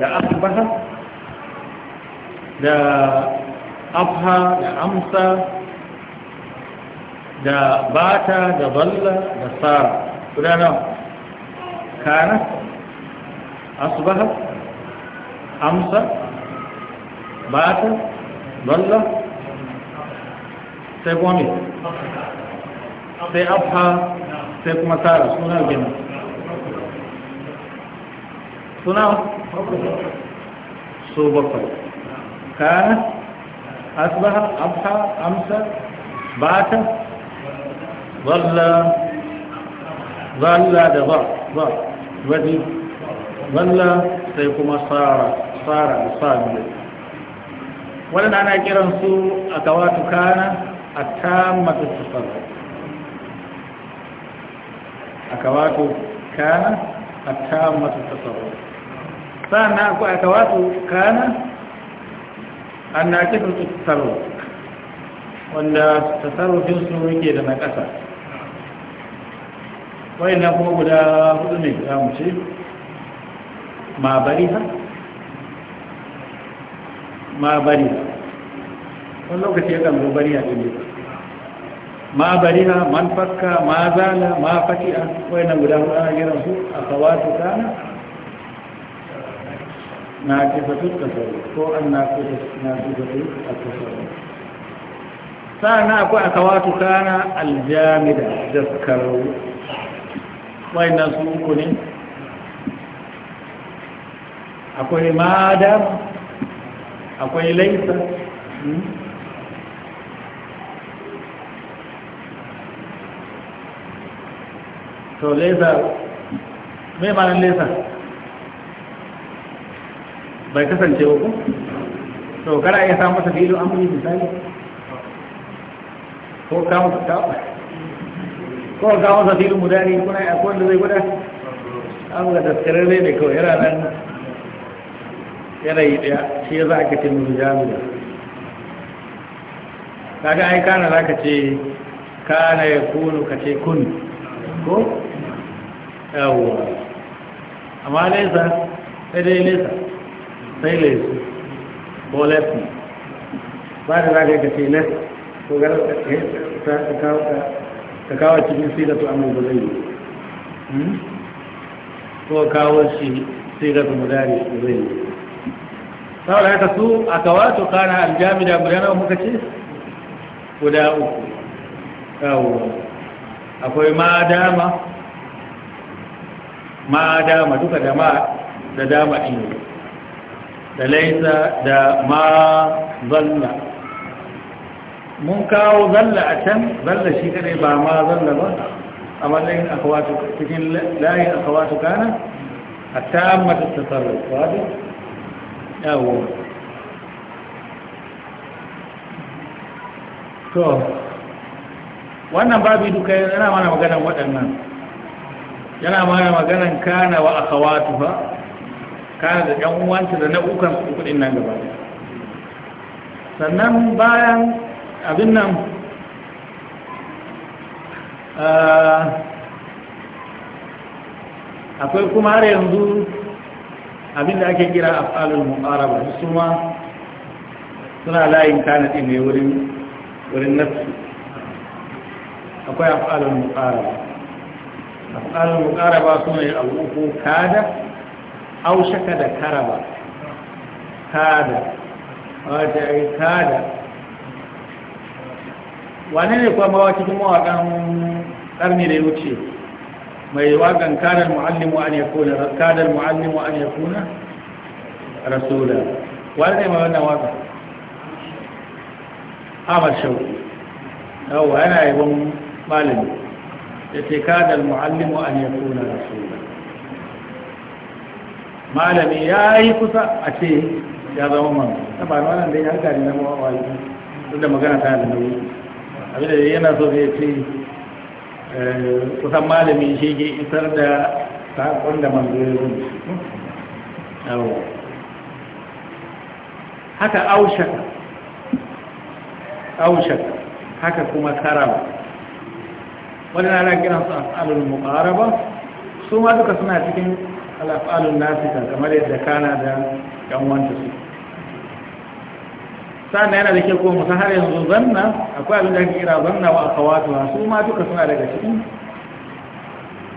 da asbaha da afha da amsa da bata da balla da sara Kuna nawa kana asbaha amsa bata balla sai kuma sai afha sai kuma sara suna gina suna so bakwai kana asbaha abha amsa bata walla walla da ba ba wadi walla sai kuma tsara tsara da sabiya wadanda ana su a kawatu kana a tammata tasarra a kawatu kana a tammata tasarra sannan akwai akawatu kana annaki su tsaro wanda tasarrufin su yake da na ƙasa na kuma guda hudu ne za mu ce ma bari ha ma bari wani lokaci ya kan bari a ɗin ma bari ha man fakka ma zala ma faki'a wayannan guda hudu a jiran su akawatu kana na kifatun kasar ko an na kifatun a kasar sa'ana akwai a kawatu kana aljamida da wai na su uku ne akwai madam akwai laisa to laisa mai manan laisa bai kasance ba ku to kana iya samu masa filo amri misali ko ka masa ta ko ka sa filo mudari kuna ya kwanda zai guda an ga taskarar ne kawai yana nan yanayi daya shi ya za a kace musu jami'a kaga ai kana za ka ce kana ya kunu ka ce kun ko yawwa amma nesa sai dai nesa sai laifi ko laifi ba da za ka yi ka ce ko gara ka kawo cikin sigatu amma ba zai yi hmm? ko kawo shi sigatu mudari ba zai yi saboda haka su a kawato kana aljami da gudanar muka ce guda uku akwai ma dama ma dama duka da da dama inda فليس دا ما ظل منكاو ظل أتم ظل شكري با ما ظل أولين أخواتك تكين لاي أخواتك أنا التامة التصرف واضح أول تو وانا بابي دوكا انا ما انا مغانا وانا يلا ما انا مغانا كان واخواتها kana da yan uwanta da na ukan su kudin nan gaba sannan bayan abin nan ah, akwai kuma har yanzu abin da ake kira afalul ba su ma suna layin tanadi ne wurin wurin nafsi akwai afalul muqaraba afalul muqaraba sune abu ko kada aushaka da karaba kada wata ai kada wane ne kuma mawa cikin mawaƙan ƙarni da ya wuce mai waƙan kadar mu'allimu an ya kuna kadar mu'allimu an ya kuna rasula wane ne mai wannan waƙan amar shauki yawwa yana yabon malami da ce kadar mu'allimu an ya kuna rasula malami ya yi kusa a ce ya zama man ta ba wannan da ya harka ne na mawawai duk da magana ta da nauyi abin da yana so zai ce eh, kusan malami shi ke isar da saƙon da manzo ya zo haka aushaka aushaka haka kuma karawa wani na kiransu as'alul muqaraba su ma duka suna cikin الأفعال النافذة كما لدى كندا يوم وانتسي سعنا هنا ذلك يكون مسهر ينظر ظن أقوى من ذلك إلى ظن وأخواتها ثم تكسنا لك شيء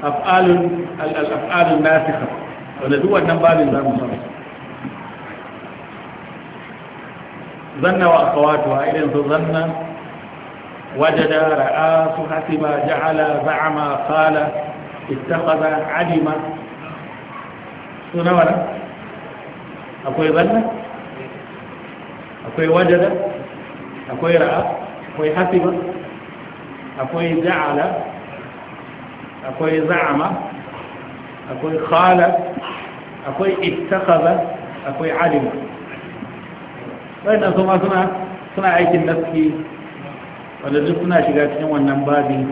أفعال الأفعال النافذة ولدوا النبال الزام صار ظن وأخواتها إلى ينظر ظن وجد رآس حسب جعل زعم قال اتخذ علم suna wala akwai zanna akwai wajada akwai ra'a akwai hasiba akwai ja'ala akwai za'ama akwai khala akwai ittakhadha akwai alima wannan kuma suna suna aikin nafsi wanda duk suna shiga cikin wannan babin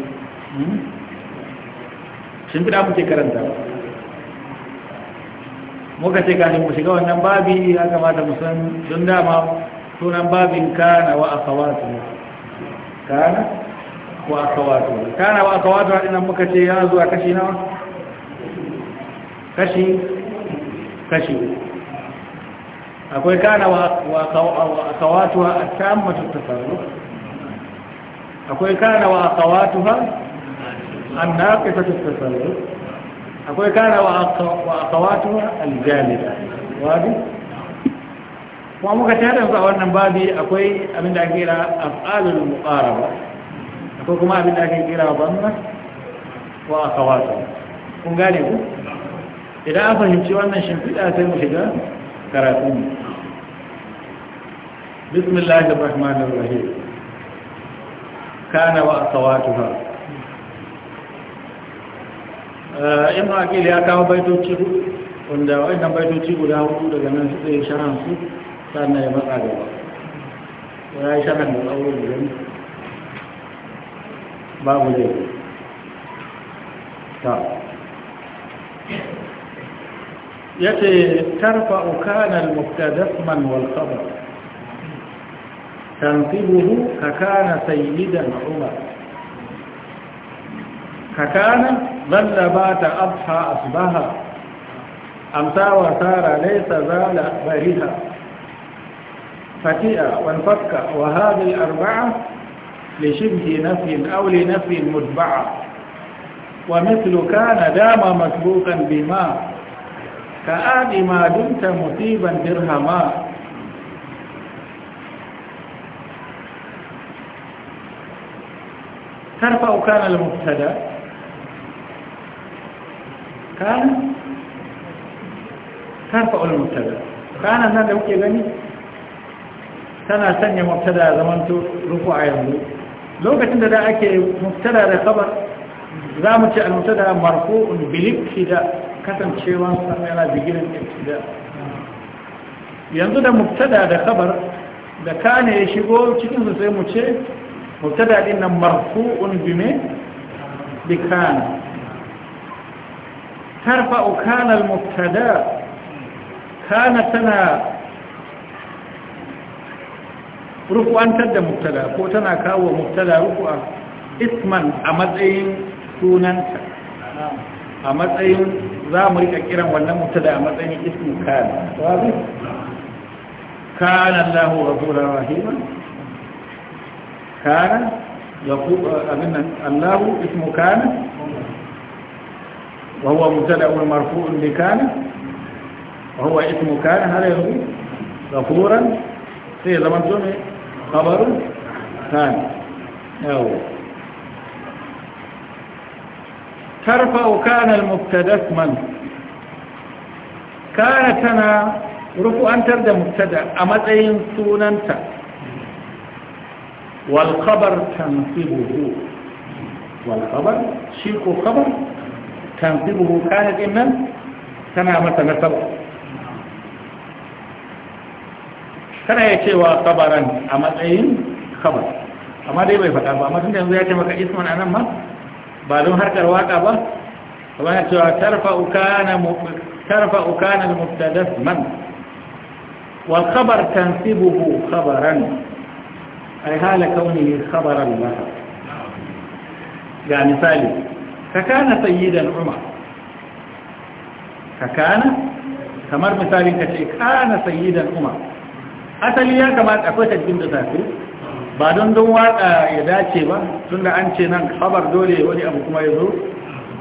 hmm? shin fida muke karanta muka ce kafin mu shiga wannan babi ya kamata mu san don dama sunan babin kana wa akawatu kana wa akawatu kana wa akawatu dinan muka ce ya zuwa kashi nawa kashi kashi akwai kana wa akawatu a tammatu tasarruf akwai kana wa akawatu ha an naqisatu tasarruf أقول كان وأخواتها الجالدة وادي وأمكثرة أخواننا بادي أقول أمين داكيرا أفعال المقاربة أقول كما أمين داكيرا أبنك وأخواتها كم قالوا إذا أفهمت وأن الشمسية تنشد كراتون بسم الله الرحمن الرحيم كان وأخواتها Eh, imam akil ya kawo baitoci wanda wannan baitoci guda hudu daga nan suka yi sharan su sannan ya matsa gaba ya yi sharan da tsawon da gani babu zai ta ya ce tarfa ukanar muktadasman man khabar tansibuhu ka kana sayyidan umar ka kana من نبات أضحى أم أمسى وسار ليس زال بريها فتئة وانفك وهذه الأربعة لشبه نفي أو لنفي متبعة ومثل كان دام مسبوقا بما كآن ما دمت مصيبا درهما ترفع كان المبتدأ kan kan fa'ul mubtada kana nan da kuke gani tana sanya mubtada zamanto a yanzu lokacin da da ake mubtada da khabar za mu ce al-mubtada marfu'un bil ibtida kasancewan sa yana bigiran ibtida yanzu da mubtada da khabar da kana ya shigo cikin su sai mu ce mubtada din nan marfu'un bi me bi kana ترفع كان المبتدا كان تنا رفعا تد مبتدا كو تنا كاو مبتدا رفعا اسما امتين سننت امتين zamu rika kiran wannan mubtada a matsayin ismu kana Allahu ghafurur rahim kana yafu abinnan Allahu ismu kana وهو مبتدا مرفوع بكان وهو اسم كان هل يروي غفورا في زمن زمن خبر كان أو ترفع كان المبتدا اسما كان انا رفع أن ترد مبتدا أمتين سونا والخبر تنصبه والخبر شيخ خبر tanzibuhu kana din nan tana masa nasaba kana ya cewa kabaran a matsayin kabar amma dai bai faɗa ba amma tun da yanzu ya ce maka isman a nan ma ba don harkar waƙa ba kamar ya cewa tarfa ukana tarfa ukana mubtadas man wal khabar tansibuhu khabaran ay hala kaunihi kabaran laha ga misali ka kana sayyidan umar ka kana kamar misalin ka ce kana sayyidan umar asali ya kamata akwai tajjin da zafi ba don don waka ya dace ba tun da an ce nan kabar dole wani abu kuma ya zo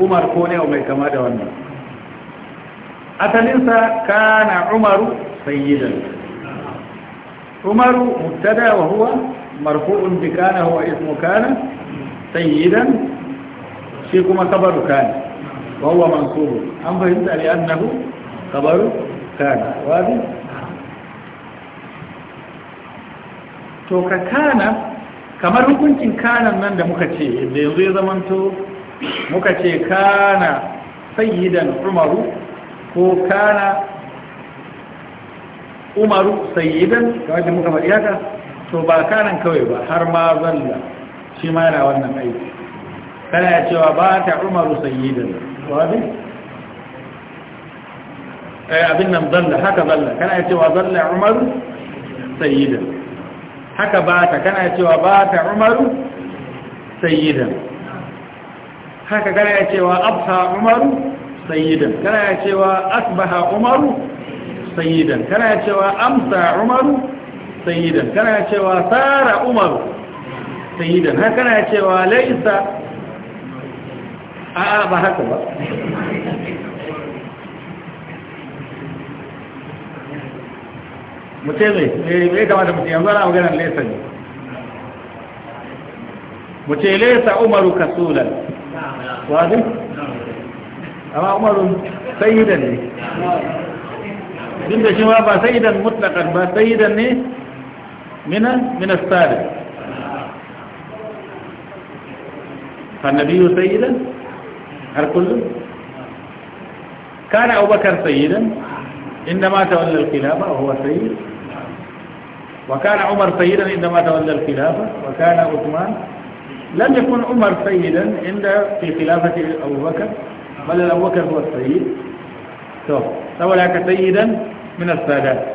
umar ko ne mai kama da wannan asalinsa kana umaru sayyidan umaru mutada wa huwa marfu'un bi kana huwa ismu kana sayyidan shi kuma kabaru kani wa huwa mansub an fahimta ne annahu kabaru kana wadi to ka kana kamar hukuncin kanan nan da muka ce da yanzu ya zamanto muka ce kana sayyidan umaru ko kana umaru sayyidan da wajen muka faɗi haka to ba kanan kawai ba har ma zalla shi ma yana wannan aiki kana cewa ba ta umaru sayyidan wadi eh abin nan zalla haka zalla kana cewa zalla umaru sayyidan haka ba ta kana cewa ba ta umaru sayyidan haka kana cewa abha umaru sayyidan kana cewa asbaha umaru sayyidan kana cewa amsa umaru sayyidan kana cewa sara umaru sayyidan haka kana cewa laisa a'a ba haka ba mutum ne bai kamata mutum yanzu ana maganar lesa ne ce lesa umaru kasulan wadu? amma umaru sayidan ne din da shi ma ba sayidan mutlakan ba sayidan ne mina minastari fannabiyu sayidan هل كان أبو بكر سيدا عندما تولى الخلافة وهو سيد وكان عمر سيدا عندما تولى الخلافة وكان عثمان لم يكن عمر سيدا عند في خلافة أبو بكر بل أبو بكر هو السيد تولى سيدا من السادات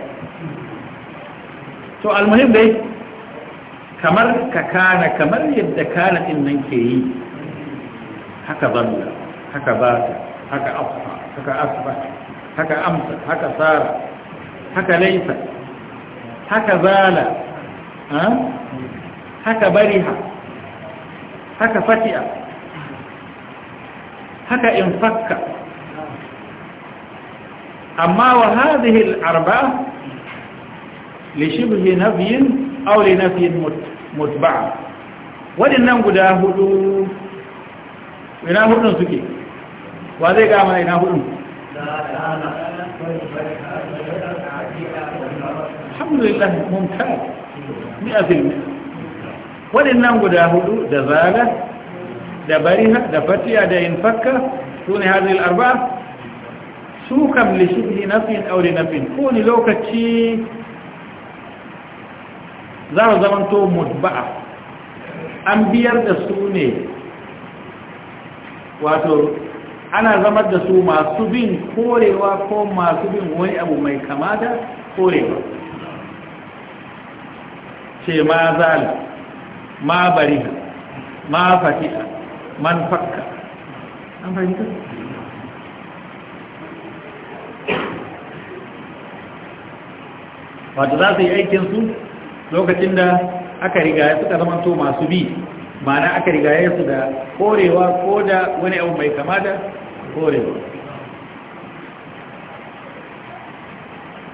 تو المهم ده كمر كان كمر يبدأ كانت إنك هكذا الله haka bata haka afha haka asba haka amsa haka sara haka laisa haka zala haka bariha haka fati'a haka infakka amma wa hadhihi al-arba'a li shibhi nafyin aw li nafyin mutba'a wadannan guda hudu ina hudun suke wa zai gama mana ina hudun alhamdulillah mumtaz mi'a fil mi'a waɗannan guda hudu da zaga da bariha da fatiya da infakka su ne hadhihi al-arba'a su kam li shubhi nafin aw li nafin ko ni lokaci za mu zama to mutba'a an biyar da su ne wato ana zamar da su masu bin korewa ko masu bin wani abu mai kama da korewa ce ma zala ma bari ma fatiha man fakka an fahimta wata za su yi aikinsu lokacin da aka riga suka zama to masu bi ma'ana aka riga su da korewa ko da wani abu mai kama da korewa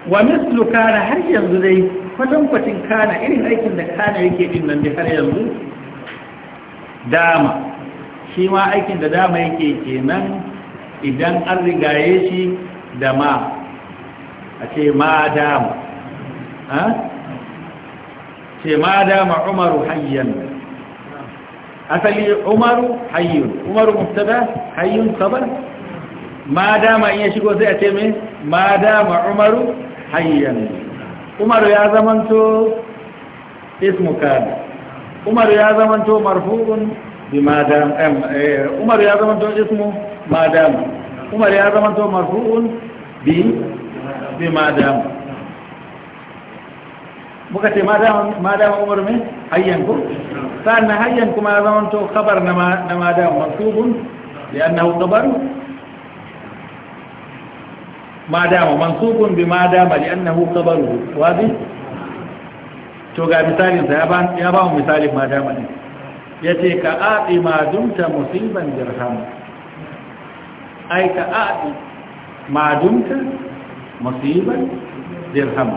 wa mislu kana har yanzu dai kwatankwacin kana irin aikin da kana yake din nan da har yanzu dama shi ma aikin da dama yake kenan idan an rigaye shi da ma a ce ma dama a ce ma dama umaru hayyan asali umaru hayyun umaru muftada hayyun sabar ma dama in ya shigo sai a ce mai ma dama umaru hayyan umaru ya zamanto ismu kada umaru ya zamanto marfu'un bi ma dama eh, umaru ya zamanto ismu ma dama umaru ya zamanto marfu'un bi bi ma dama muka ce ma dama umaru mai hayyan ku sa'an na hayyan kuma ya zamanto khabar na ma dama mansubun li'annahu khabaru ma dama mansubun bi ma dama li annahu khabaru to ga misalin sa ya ba mu misalin ma dama ne yace ka aati ma dumta musiban dirham ai ka aati ma dumta musiban dirham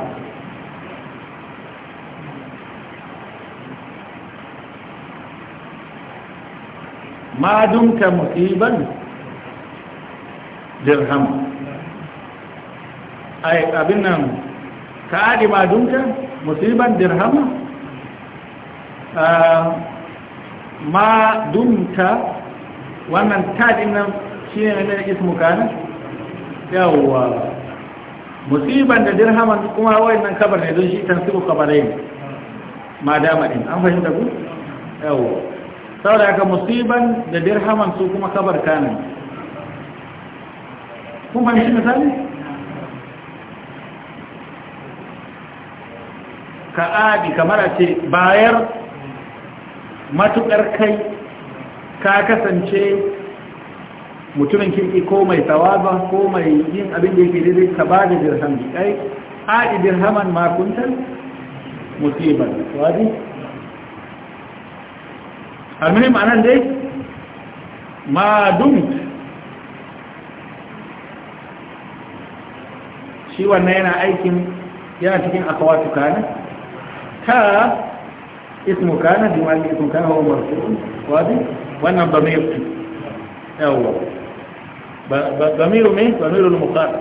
ma dumta musiban dirham abin nan ka adi ba dunka musibar dirhama ah, ma dunka wannan tadin nan shi ne na ismu kana yawwa musiban da dirhama kuma nan kabar ne don shi su kabarai ma dama din an fahimta ku yawwa saboda haka musiban da dirhama su kuma kabar kana kuma shi misali ka adi kamar a ce bayar matuƙar kai ka kasance mutumin kirki ko mai tsawaba ko mai yin abin da yake daidai ka ba da dirham ai adi dirhaman makuntar musibar wadi almini ma'anar dai ma dumt shi wannan yana aikin yana cikin akawa kana ها اسم كان بمعنى اسم كان هو مرفوع واضح وانا ضمير اول ضمير مين ضمير المقابل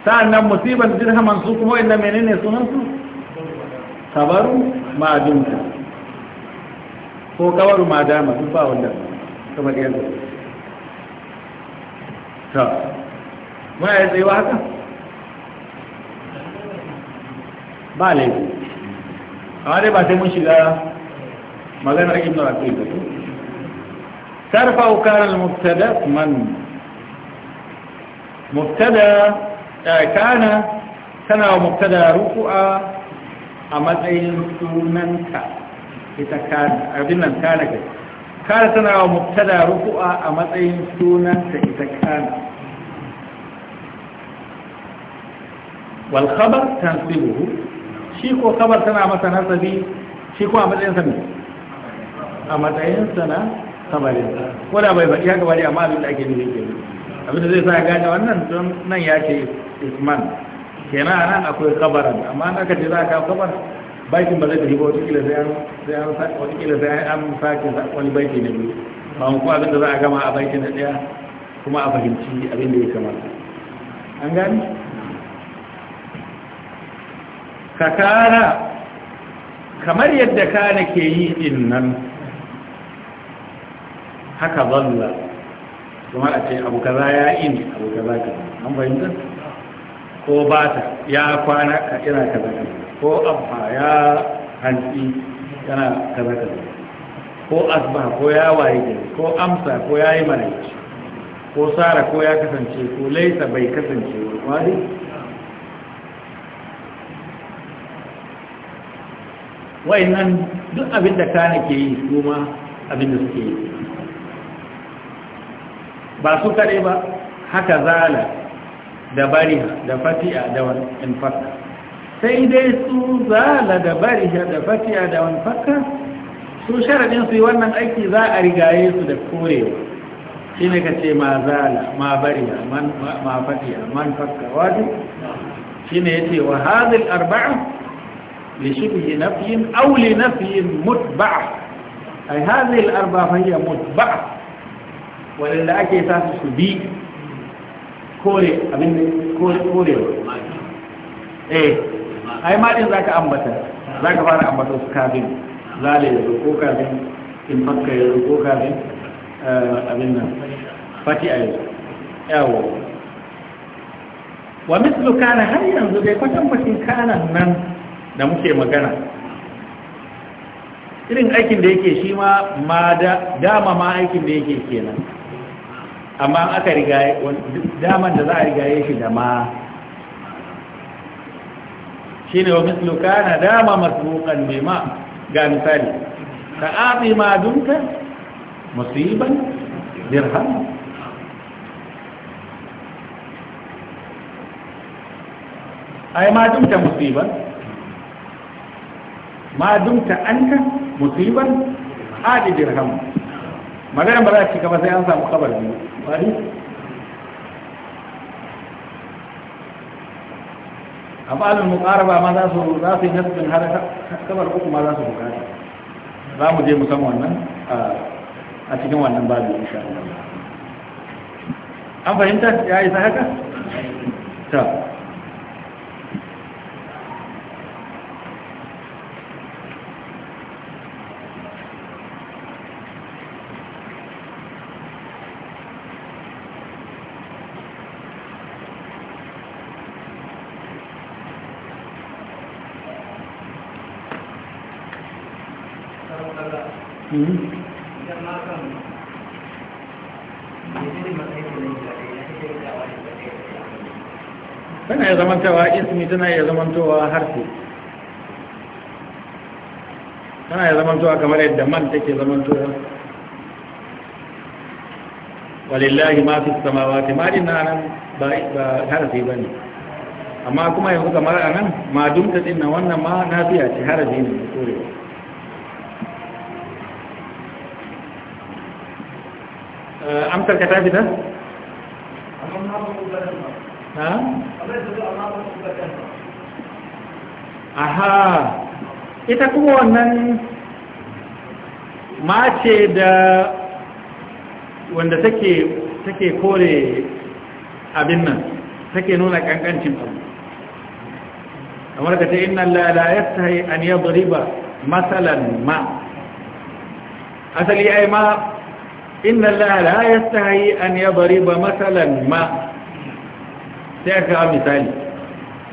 sa'annan musibar dirhaman su kuma inda menene sunansu kabaru ma'adunta ko kabaru dama, duk ba wanda kamar yadda ta muna yi tsaye haka ba laifi a dai ba sai mun shiga maganar ibn al-aqil ba tarfa kana al-mubtada man mubtada kana kana mubtada rufu'a a matsayin sunanka ita kana abin nan kana ke kana tana mubtada rufu'a a matsayin sunanta ita kana والخبر تنصبه shi ko kabar tana masa nasabi shi ko a matsayinsa ne a matsayinsa na kabarinsa ko da bai faɗi haka bari amma abin da ake nufi ke abin da zai sa gane wannan don nan ya ce isman kenan a nan akwai kabarin. amma an aka ce za a kawo kabar bakin ba zai tafi ba watakila sai an watakila sai an sake wani baki na biyu ba mu kuma abin da za a gama a baki na ɗaya kuma a fahimci abin da ya kamata an gani ka kana kamar yadda kana ke yi din nan haka zalla kuma a ce abu kaza ya in abu kaza ka an fahimta ko bata ya kwana ka ina kaza kaza ko abba ya hantsi yana kaza kaza ko asba ko ya waye gari ko amsa ko ya yi maraici ko sara ko ya kasance ko laisa bai kasance wani Wai nan duk abin da kana ke yi su ma abin da suke yi ba su kare ba haka zala da bariha da fatiya da wani fakka sai dai su zala da bariha da fatiya da wani fakka su sharadin su yi wannan aiki za a rigaye su da korewa shi ne ka ce ma zala ma bariha ma fatiya man fakka wajen shi ne ya ce wa hazil arba'a لشبه نفي أو لنفي متبع أي هذه الأربعة فهي متبع ولله أكي تاسس بي كوري أمين كوري كوري إيه أي ما دين ذاك أمبتا ذاك فارا أمبتا سكابين ذالي يزوكو كابين إن فكا يزوكو كابين آه، أمين فتي أيضا أو ومثل كان هل ينزل كتن كان النمس da muke magana irin aikin da yake shi ma dama ma aikin da yake kenan amma aka riga daman da za a riga shi da ma shi ne wa misluka na dama masbukan mai ma ga misali ka afi ma dunka musiban dirham ai ma dunka musiban ma dumta anka musiban adi dirham magana ba za a ci gaba sai an samu kabar biyu bari amma alin mukaraba ma za su za su yi nasibin har kabar uku ma za su bukata za mu je musamman wannan a cikin wannan babu insha Allah an fahimta ya yi ta haka ta tana ya zamantawa ismi tana ya zamantawa harfi tana ya zamantawa kamar yadda man take zamantawa walillahi ma fi samawati ma na nan ba harfi ne amma kuma yanzu kamar nan ma dumta na wannan ma na fiya ce harfi ne korewa Eh, amsar ka ta aha ita kuma wannan mace da wanda take take kore abin nan take nuna kankancin abu kamar ka ce inna la la yastahi an yadriba masalan ma asali ai ma inna Allah la yastahi an yadriba matsalan ma sai ka misali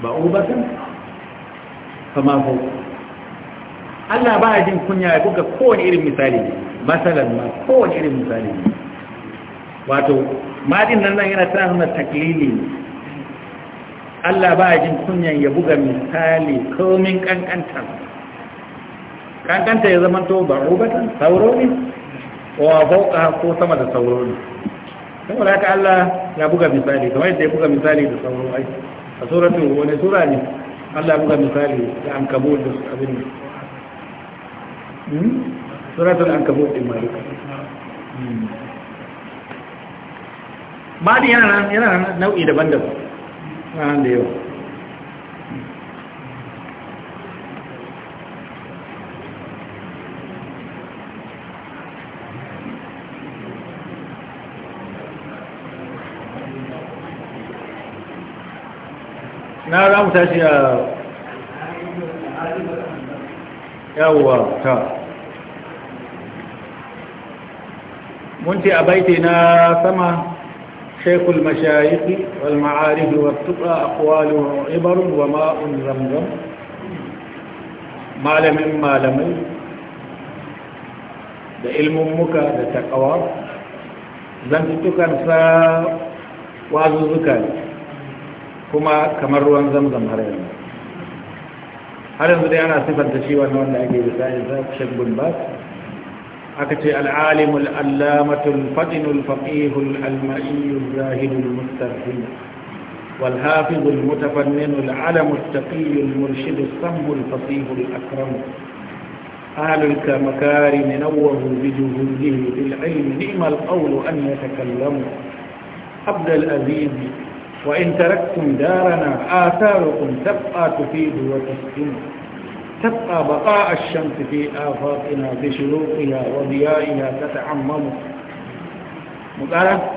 ba ubatan kama ko Allah ba jin kunya ya buga kowane irin misali matsalan ma kowane irin misali wato madin nan nan yana ta nuna taklili Allah ba jin kunyan ya buga misali komin kankanta kankanta ya zama to ba ubatan sauro ne wa fauka ko sama da sauro ne saboda haka Allah ya buga misali kamar yadda ya buga misali da sauro ai a suratul wani sura ne Allah ya buga misali da ankabut da abin ne hmm? suratul ankabut din malik hmm. Mali yana nan nau'i daban-daban, nan da yau. نار أمس أشياء يوه منتئ بيتنا ثم شيخ المشايخ والمعارف والتقى أقوال عبر وماء زمزم مالم مالم بإلم مكة بتقوى زمزتك انساء وعزوزك انساء kuma kamar ruwan zamzam har yanzu har yanzu dai ana sifar da shi wannan wanda ake da misali za shek bin bas aka ce al'alimul allamatul fadinul faqihul almaiyul zahidul mustarfin والحافظ المتفنن العلم التقي المرشد الصم الفصيح الأكرم أهل المكارم نوهوا بجهوده في العلم نعم القول أن يتكلموا عبد الأزيز وإن تركتم دارنا آثاركم تبقى تفيد وتسكن تبقى بقاء الشمس في آفاقنا بشروقها وضيائها تتعمم مقالة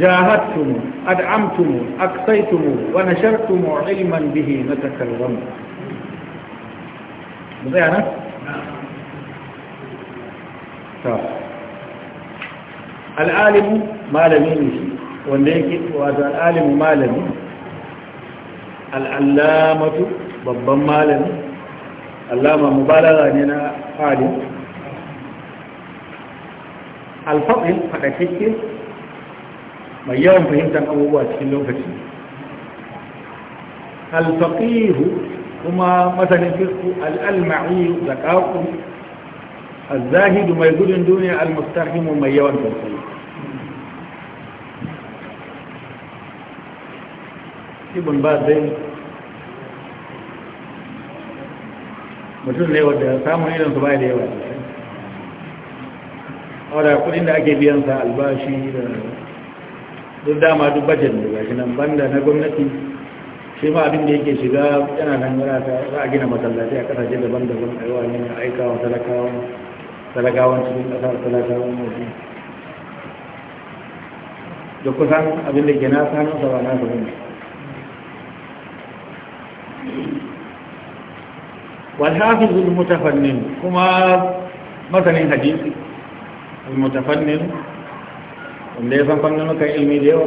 جاهدتم أدعمتم أقصيتم ونشرتم علما به نتكلم مضيعنا طيب. العالم ما لم يمشي wanda yake wato al'alimu malami al'allamatu babban malami allama mubalaga ne na fadi alfaɗin faɗaƙaƙe mai yawan fahimtar abubuwa cikin lokaci alfaƙihu kuma masanin firku al'alma'i da ƙaƙu الزاهد ما يقول الدنيا المستحيم ما يوان تنصيب ibn ba dai mutum ne wadda samun irin su bai da yawa a wadda kudin da ake biyan sa albashi da duk dama duk bajet da gashi nan banda na gwamnati shi ma abin da yake shiga yana nan yana za a gina masallaci a kasashe daban-daban a yawa ne a aika wa talakawan talakawan cikin kasar talakawan waje da kusan abin da ke na sanin sa ba na sa والحافظ المتفنن كما مثلا حديث المتفنن wanda ya san fannanukan ilmi da yawa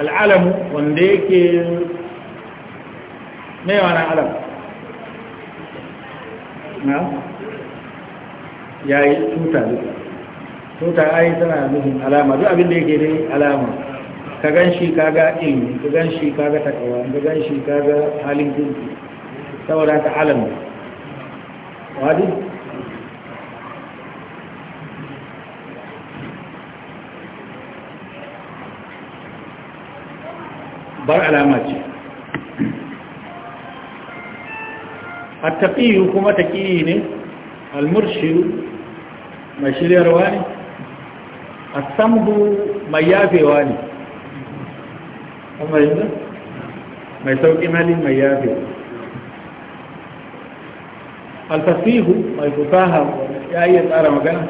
al'alamu wanda yake mai wani alam na ya yi tuta duka tuta ai tana nufin alama duk abinda yake dai alama ka gan shi kaga ilmi ka gan shi kaga takawa ka gan shi kaga halin kirki saboda ta alam wadi bar alama ce attaqiyu kuma taqiyi ne almurshidu mai shiryarwa ne asambu mai yafewa ne kuma yanzu mai sauƙin hali mai yafewa alfasihu mai fusaha ya iya tsara magana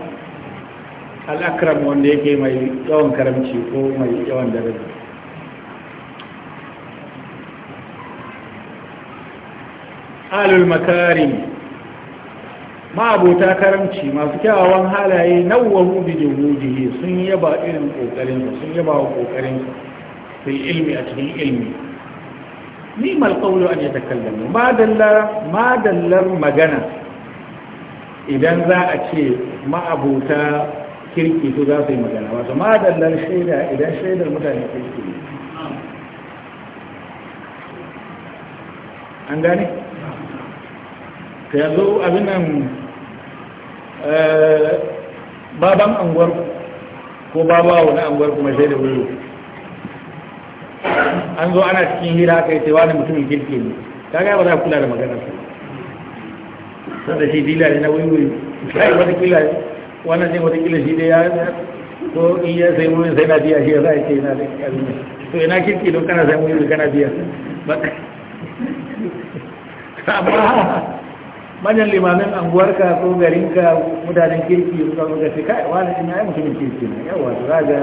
al'akram wanda yake mai yawan karamci ko mai yawan daraja alul makarim ma'abota karamci masu kyawawan halaye nawwahu bi juhudihi sun yaba irin kokarin sun yaba wa kokarin sai ilmi a cikin ilmi نعم القول أن يتكلموا ما دلر ما دلر مجانا إذا ذا أشي ما أبوتا kirki su za su yi magana wato madallar shaida idan shaidar mutane kirki ne an gane? ta yanzu abinan baban anguwar ko babawo na anguwar kuma shaidar wuri an zo ana cikin hira ka yi cewa ne mutumin kirki ne ka gaya ba za kula da maganar sa da shi dila ne na wuri yi wata kila wannan ne wata kila shi da ya ko in yi sai wuri sai na biya shi ya za a ce yana da kyalmi to ina kirki don kana sai wuri kana biya Ba amma manyan limamin anguwarka ko garinka mutanen kirki suka suka ce kai wani ina ya mutumin kirki ne yawa su raga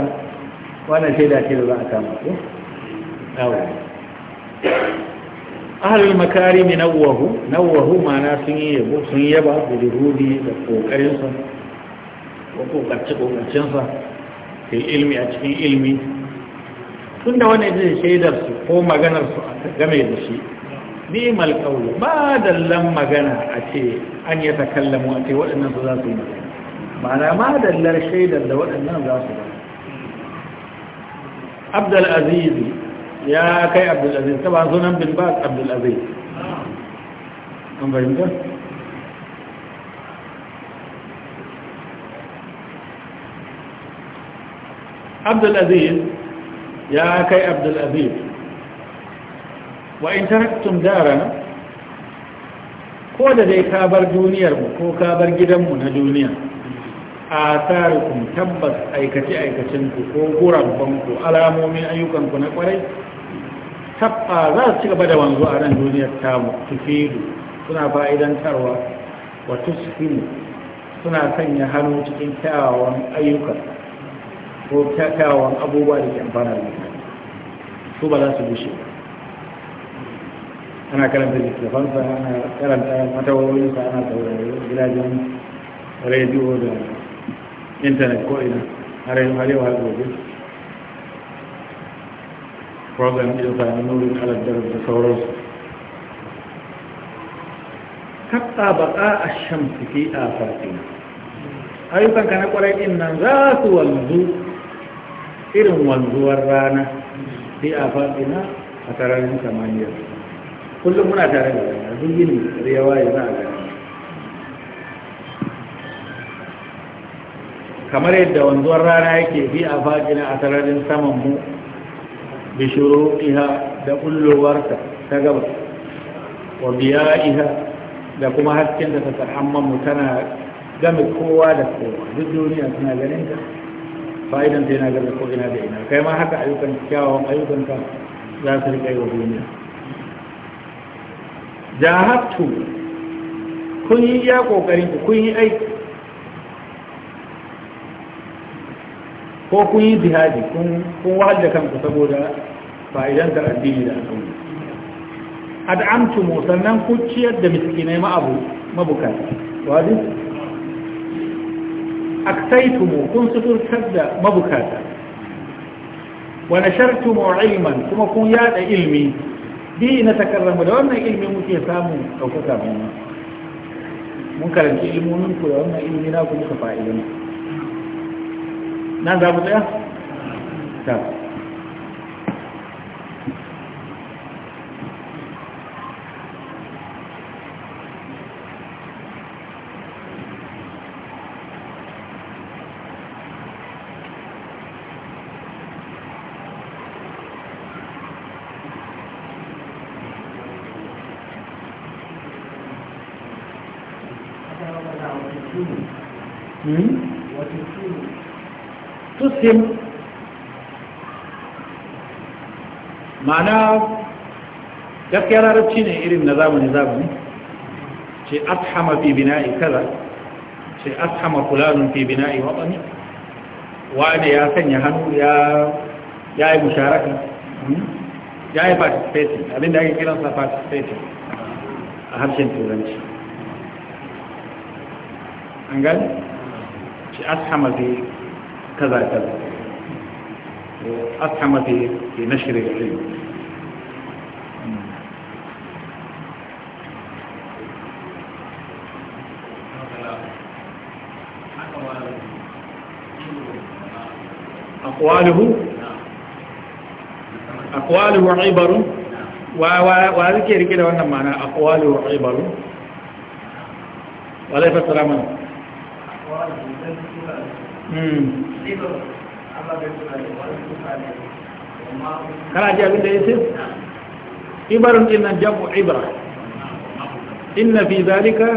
wannan shaida ce da za a kama ko ahalul makarimi nawwahu nawwahu mana sun yi yabo sun yaba da juhudi da ƙoƙarinsa ko kokarce kokarcensa fil ilmi a cikin ilmi tun da wani zai shaidar su ko maganar su game da shi ni mal qawlu ba dallan magana a ce an ya takallamu a ce waɗannan su za su yi magana ma'ana ma dallar shaidar da waɗannan za su ba Abdul Azizi ya kai abdulaziz ta ba sunan bin ba abdulaziz an fahimta abdulaziz ya kai abdulaziz wa in taraktum daran ko da dai ka bar duniyarmu ko ka bar gidanmu na duniya a tsarikun tabbas aikace-aikacinku ko gurabbanku alamomin ayyukanku na kwarai sabba za su ci gaba da wanzu a nan duniyar tamu tufidu suna fa'idantarwa wa tusfimu suna sanya hannu cikin kyawawan ayyuka ko kyawawan abubuwa da ke da mutane su ba za su gushe ana karanta littafansa ana karanta matawoyinsa ana saurari gidajen rediyo da intanet ko ina har yau har yau har gobe program ɗin sami nurin aladdar da sauransu kaɓa baƙa a shan fi a farfina ayyukanka na ƙwarai ɗin nan za su wanzu irin wanzuwar rana fi a na a sararin samaniyar kullum muna tare da rana duk yin riyawa ya za a gani kamar yadda wanzuwar rana yake fi a na a sararin saman mu بشروطها دقل ورطة تقبل وبيائها لكما هسكن تتحمم وتنا دم القوة للقوة للدنيا أثناء جنينك فأيضا تنا قبل قوئنا بإنا كما حكى أيضا كاوهم أيضا كان لا تلك أيوة دنيا جاهدت kun yi ya kokarin ku ko kun yi jihadi kun wahal da kanku saboda fa'idan da addini da al'umma ad'amtu mu sannan ku ciyar da miskinai ma'abu mabukata wadi aktaitu mu kun suturtar da mabukata Wani shartu mu ilman kuma kun yada ilmi bi na takarrama da wannan ilmi muke samu ɗaukaka mun karanci ilmomin ku da wannan ilmi na ku muka nan za mu cikin ma'ana gaskiya larabci ne irin na zamani zamani ce ashama fi bina'i kaza ce ashama fulanun fi bina'i waɗani wane ya sanya hannu ya ya yi musharaka hmm? ya yi participating abinda ake kiransa participating a harshen turanci an gani ce ashama fi كذا كذا وأسهم في, في نشر العلم أقواله أقواله عبر وذكر كده وانا معنى أقواله عبر ولا يفسر عمل أقواله kana ji abin da ya ce ibarin din jabu ibra inna fi zalika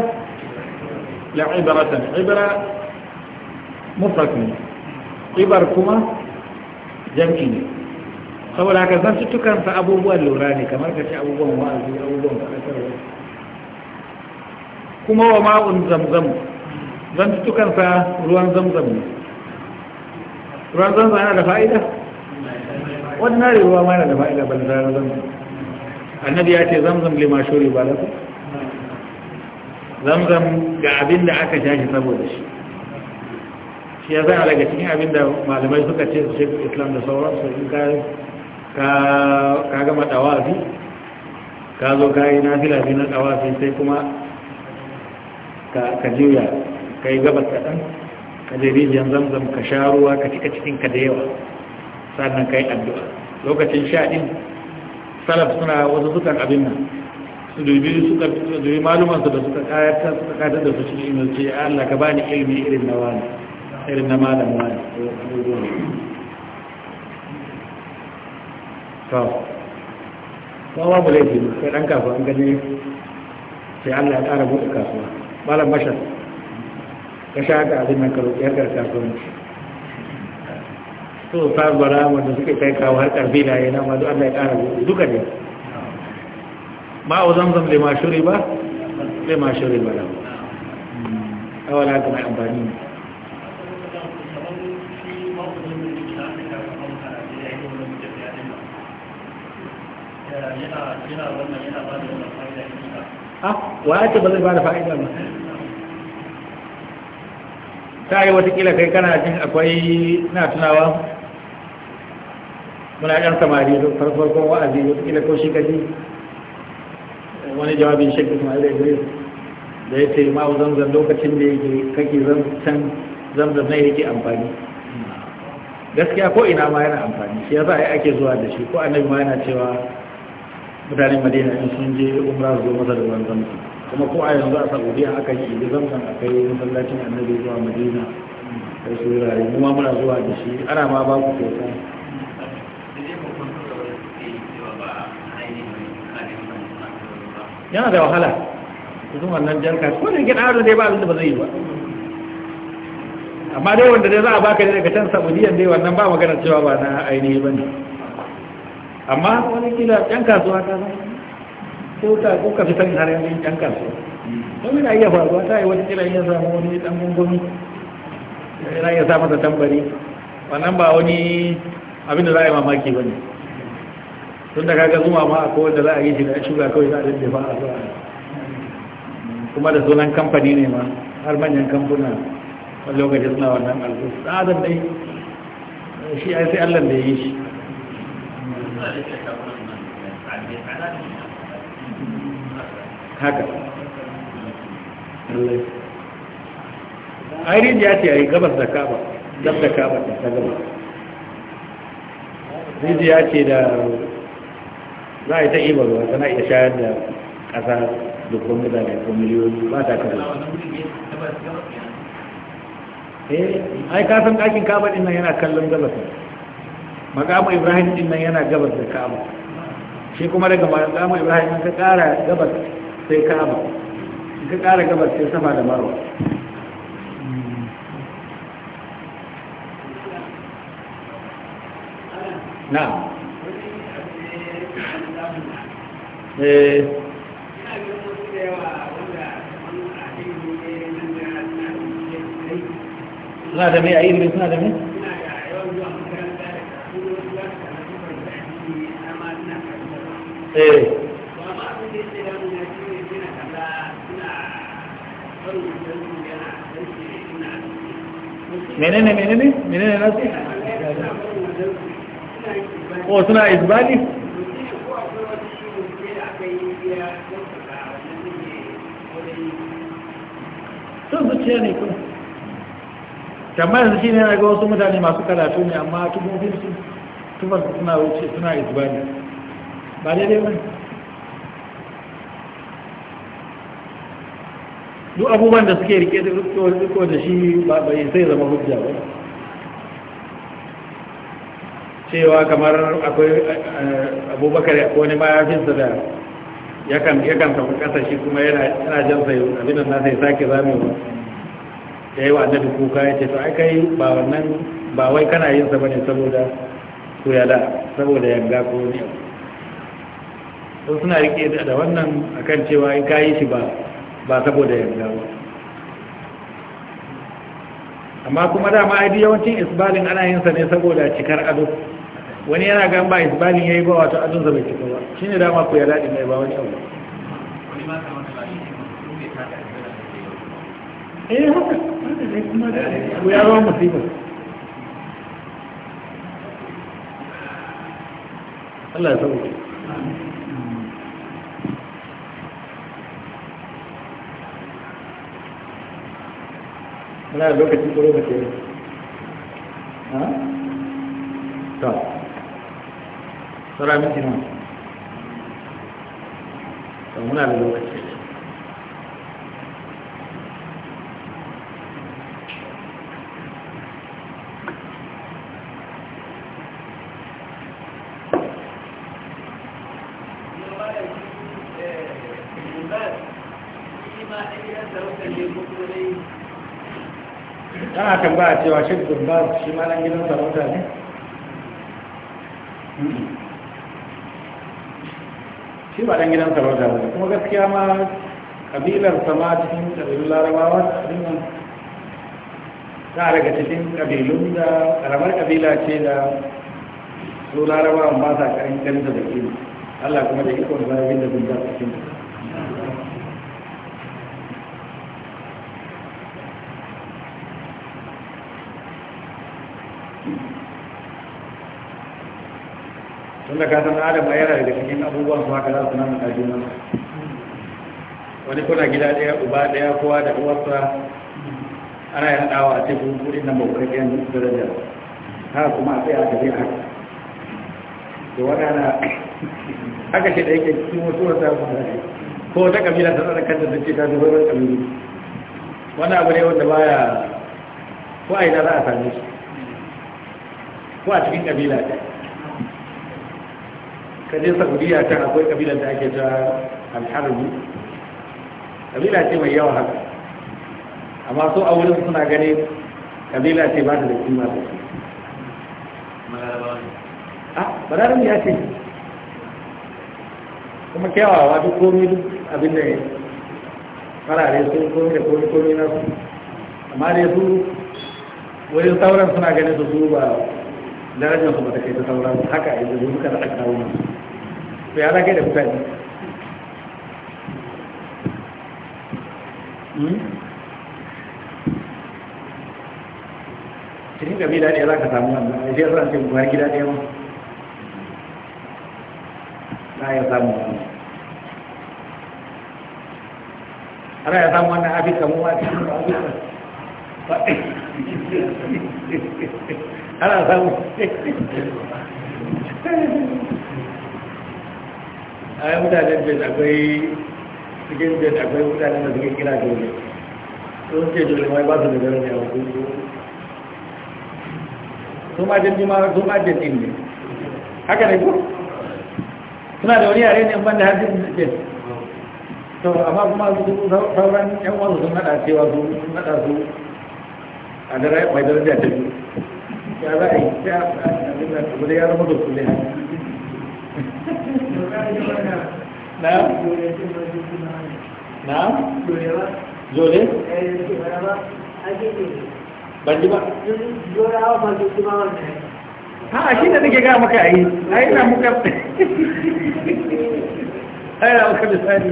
la ibratan ibra mufrad ibar kuma jam'i ne saboda haka zan tukansa abubuwan lura ne kamar ka ce abubuwan wa'azi abubuwan kuma wa ma'un zamzam zan tukansa ruwan zamzam ne ruwan zanzan yana da fa'ida ordinary ruwa ma yana da fa'ida ba da zarar zanzan annabi ya ce zamzam lima shuri ba lafi zamzam ga abin da aka sha shi saboda shi shi ya zana daga cikin abin da malamai suka ce su shekul islam da sauransu in ka gama dawafi ka zo ka yi na filafi na dawafi sai kuma ka juya ka yi gabas kaɗan ka je rijiyar zamzam ka sha ruwa ka cika cikinka da yawa sannan ka yi addu'a lokacin sha ɗin salaf suna wasu sukan abin nan su dubi suka dubi malumansu da suka kayatar suka kayatar da su shi ne ce ya Allah ka bani ilimi irin na wani irin na malam wani to wa mu laifi sai dan kasuwa an gani sai Allah ya ƙara buɗe kasuwa malam bashar ka sha ka abin nan ka roƙi harkar ne. to ta wanda suka kai kawo har ƙarfi na ma duk Allah ya ƙara duka ne ma'u zamzam lima shuri ba lima shuri ba lahu hmm, awala ga mai amfani ha ah, wa ya ba zai ba da fa'ida ba ta yi watakila kai kana jin akwai na tunawa muna yan samari farfarkon wa'azi watakila ko shi kaji wani jawabin shek zai zai da ya ce ma'u zanzan lokacin da yake kake zancan zanzan na yake amfani gaskiya ko ina ma yana amfani shi ya yi ake zuwa da shi ko annabi ma yana cewa mutanen madina in sun je umra zuwa zo masa da kuma ko a yanzu a saudiya aka yi da zamzam a kai masallacin annabi zuwa madina da su rayu Kuma muna zuwa da shi ana ma ba ku kyauta yana da wahala kusan wannan jarka ko da gina aro dai ba abin da ba zai yi ba amma dai wanda dai za a baka daga can saudiyan dai wannan ba magana cewa ba na ainihi ba ne amma wani kila yan kasuwa ta zama kyauta ko ka fitan har yanzu yan kasu. don yana iya faruwa ta yi wata kila ya samu wani dan gungumi yana iya samu da tambari wannan ba wani abin da za a yi mamaki ba ne tun da kaga zuma ma akwai wanda za a yi shi da shuga kawai za a dinda ba a zuwa kuma da sunan kamfani ne ma har manyan kamfuna wani lokacin suna wannan alkus tsadar dai shi ai sai allah da ya yi shi haka ai rijiya ce a yi gabas da kaba gab da kaba ta ta gaba rijiya ce da za a yi ta iya ruwa tana iya shayar da ƙasa dubban da ko miliyoyi ba ta kaba eh ai ka san ɗakin kaba din nan yana kallon gabas makamu ibrahim din nan yana gabas da kaba shi kuma daga makamu ibrahim ka ƙara gabas sai ka'aba ka ƙara gabar sai sama da marwa na eh. suna da mai a suna da mai? eh menene menene menene nasu ko suna isbali sun zuciya ne kuma tambayar shi ne na ga wasu mutane masu karatu ne amma tubobin su tubar suna wuce suna isbali ba daidai wani duk abubuwan da suke rike da riko da shi bai sai zama hujja ba cewa kamar akwai eh, eh, abubakar akwai wani mayafinsa da yakan kan tafi kasa shi kuma yana yana jan sai abin nan sai sake zamewa ya yi wa annabi kuka ya ce to ai kai ba wannan ba wai kana yin sa bane saboda da saboda yanga ko ne sun suna rike da wannan akan cewa in kayi shi ba ba saboda yarda ba amma kuma dama aidi yawancin isbalin ana yin sa ne saboda cikar ado wani yana gan ba isbalin yayi ba wato adon sa bai cika ba shine dama ku ya dadi mai ba wani abu eh haka ne kuma da ku ya rawa musiba Allah ya sauke na lokacin tsoro ba ce ta tsara minti nan muna da lokaci ba a cewa shi ba shi ma nan gidan sarauta ne shi ba dan gidan sarauta ne kuma gaskiya ma kabilar sama cikin ƙabilun larabawa cikin ta daga cikin ƙabilun da ƙaramar ƙabila ce da su larabawan ba sa karin da kima Allah kuma da ikon zarafin da zunta cikin tunda ka san adam ya yara da cikin abubuwan su haka za su nan da juna wani kuna gida ɗaya uba ɗaya kowa da uwarsa ana yin dawa a cikin kudin nan bakwai ɗayan daraja Ha kuma a tsaya a gari haka da waɗanda haka shi da yake cikin wasu wasu wasu wasu ko wata kabila ta tsara kanta da ce ta zubar wani kabilu wani abu ne wanda baya ko a ina za a same shi ko a cikin kabila ta ka saudiya ta akwai kabilar da ake ta alharbi kabila ce mai yawa haka amma so a wurin suna ganin kabila ce ba ta da kima da su bararin ah, ya ce kuma kyawawa duk komi duk abin da farare sun komi da komi komi na su amma dai su wajen sauran suna ganin su su ba darajar su ba ta kai ta sauran haka yanzu duka da aka kawo musu to ya zage da mutane hmm? cikin za ka samu wanda a gida ɗaya ma za ya samu wanda ana ya samu a fi samu ma cikin ba ana a yi mutanen da akwai cikin da akwai mutanen da suke kira dole sun ce dole mai ba su da daraja a hukunci su ma jirgi ma su ma jirgi ne haka ne ko suna da wani yare ne in banda har jirgi to amma kuma su sauran yan wasu sun hada cewa su sun hada su a mai daraja ta ya za a yi ta abin da ya zama da su ne na? na? zole? ban ji ba? ha shi da nake gaya maka ayi ai na muka ai na muka misali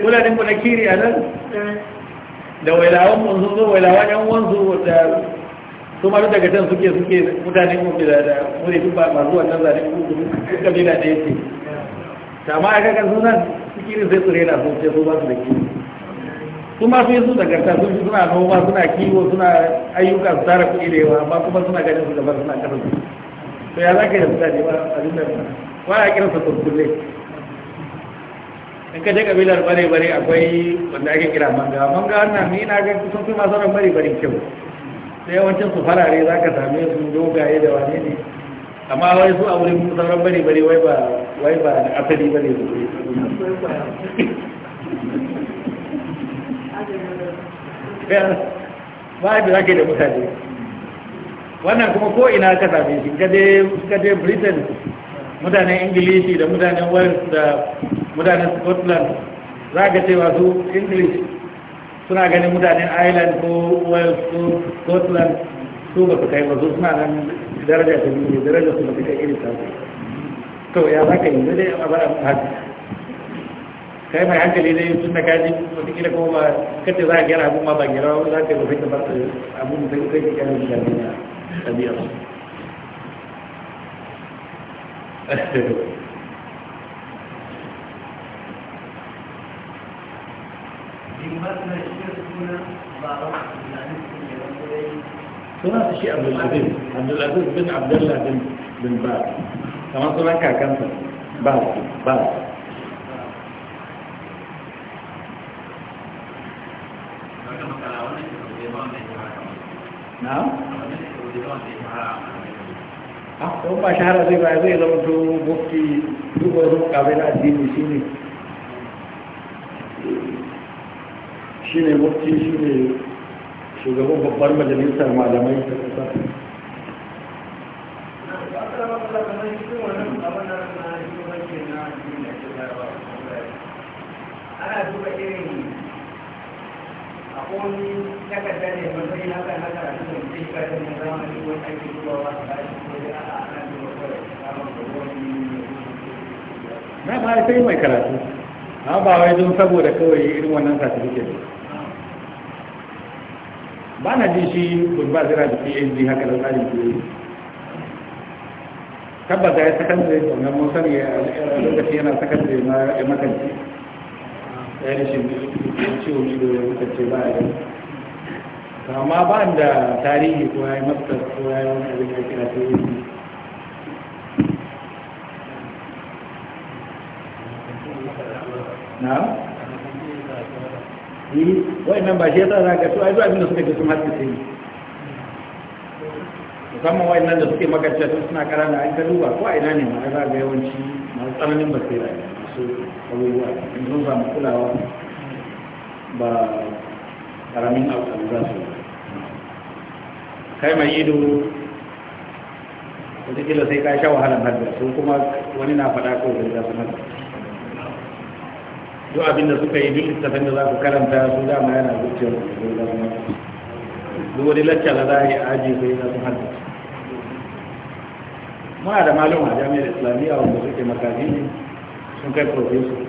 wulanin mu na kiri a nan da wailawan mun zo wailawan yan wanzu da su maru daga can suke suke mutane mu da da ba masu wannan zanen kudu kabila da yake sama ya aka kan sunan sikirin sai tsire na sun ce su ba su da kiwo su ma su yi su nagarta sun suna noma suna kiwo suna ayyuka su tara kuɗi da yawa amma kuma suna ganin su gabar suna kasar su to ya za ka yi da ba abin da ba ya kiransa turkulle in ka je kabilar bare bare akwai wanda ake kira manga manga na, ni na ga kusan fi masu bare bare kyau sai yawancin su farare za ka same su dogaye da wane ne amma wai su a wurin musamman bane bane wai ba wai ba da asali bane su ba da ke da mutane wannan kuma ko ina ka same shi kaje dai Britain mutanen Ingilishi da mutanen Wales da mutanen Scotland za ka cewa su English suna ganin mutanen Ireland ko Wales ko Scotland su ba su kai ba su suna nan daraja ta biyu daraja kuma duka irin ta to ya za ka yanzu dai a bara haka kai mai hankali dai tun da kaji wataƙila kuma ba kace za a gyara abun ma ba gyara wani za ka yi ka bar abun da kai ka gyara da ɗabi'ar بمثل الشرك هنا ضعف يعني sunan shi abdulaziz abdulaziz bin abdullah bin bin ba kamar sunan kakansa ba ba na'am a ba shahara zai ba zai zama to bukki duk wani kabai addini shi ne shi ne bukki shi ne shugaban babbar majalisar malamai ta kusa ana akwai takarda ne na da da wani ba shi ko na sai mai karatu amma ba wai don saboda kawai irin wannan certificate ba na jin shi ba zira da psd haka da tsarin ke tabbata ya sakandare da mun sani ya eh, lokaci yana sakandare da ya makanci ya yi shi ne da ya ce ba a amma ba da tarihi ko ya yi masar ko ya yi wani abin da kira psd na yi wa'annan ba shi yasa za ka su ai zuwa abinda suka ji sun haske sai musamman wa'annan da suke magance tun suna karana an ka duba ko a ina ne ma za ga yawanci masu tsananin basira su abubuwa in sun samu kulawa ba karamin abu za su kai mai ido wata sai ka sha wahalar hadda sun kuma wani na faɗa kawai da za su hadda duk abin da suka yi duk littafin da za ku karanta su dama yana zuciyar duk wani lacca da za a yi aji sai na sun haddace muna da malama jami'ar islamiyya wanda suke makaji ne sun kai profesor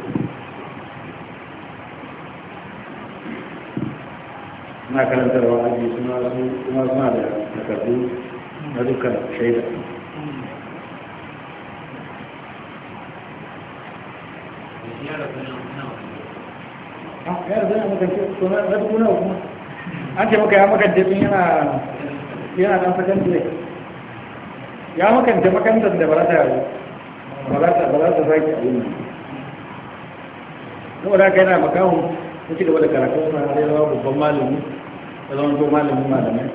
suna karantarwa aji suna suna da takardu na dukkan shaida ya ya an ce maka ya makance tun yana yana dan sakan dole ya makance makantar da ba za ta ba ba za ta sake a yin saboda haka yana makawun ya ci gaba da karatu na rayuwa babban malami ya zama to malamin malamai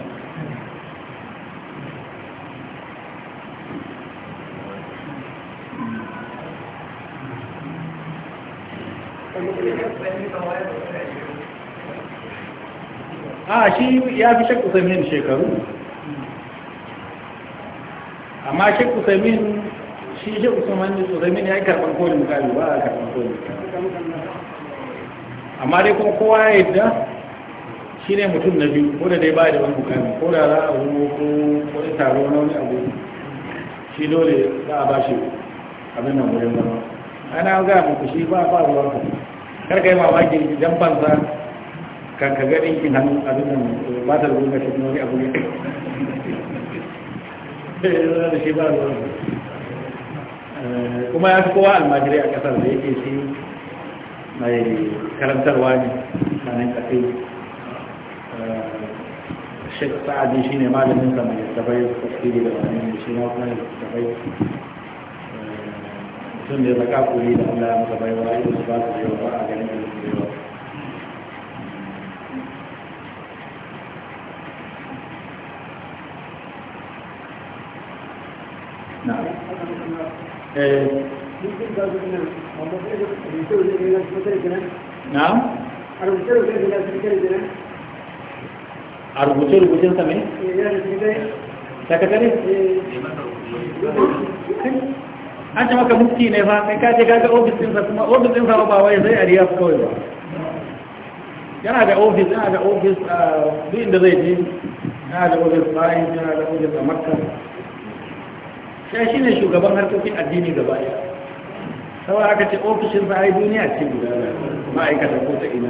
a shi ya fi shakku samin shekaru amma shakku samin shi shakku samin ya yi karɓar koli mukami ba a karɓar koli amma dai kuma kowa ya yadda shi ne mutum na biyu ko da dai ba da wani mukami ko da za a zuwa ko wani taro na wani abu shi dole za a ba shi abin nan wurin zama ana ga muku shi ba ba ruwan ka karka yi mamaki dan banza ka ka ga ɗinkin hannu abin nan ba ta rubuta shi kuma wani abu ne eh, da shi ba eh, kuma ya fi kowa almajirai a ƙasar da yake shi mai karantarwa ne sanin ƙasai eh, shek sa'adi shi ne malamin sa mai tabai tafsiri da wani shi na kuma tabai mutum da ya zaka kuri da Allah ya masa baiwa idan ba su yawa ba a ganin da. na'am a rubuce-rubucen an ce maka mufti ne fa kai kace ofis din sa ofis din sa ba wai sai a riyaf kawai ba yana da ofis yana da ofis ah, zai je yana da ofis yana da a makka sai shi ne shugaban harkokin addini gaba ya sau aka ce ofishin sa'ai duniya ce guda ma'aikata ko ta ina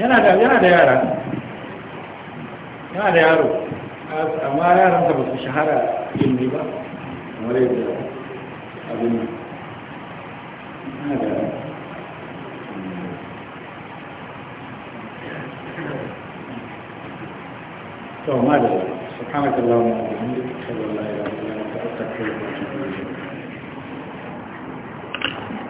yana da yana da yara yana da yaro amma yaran ta ba su shahara ilmi ba kamar yadda abin da to ma da subhanaka allahumma wa bihamdika ashhadu la ilaha illa anta astaghfiruka wa atubu ilayk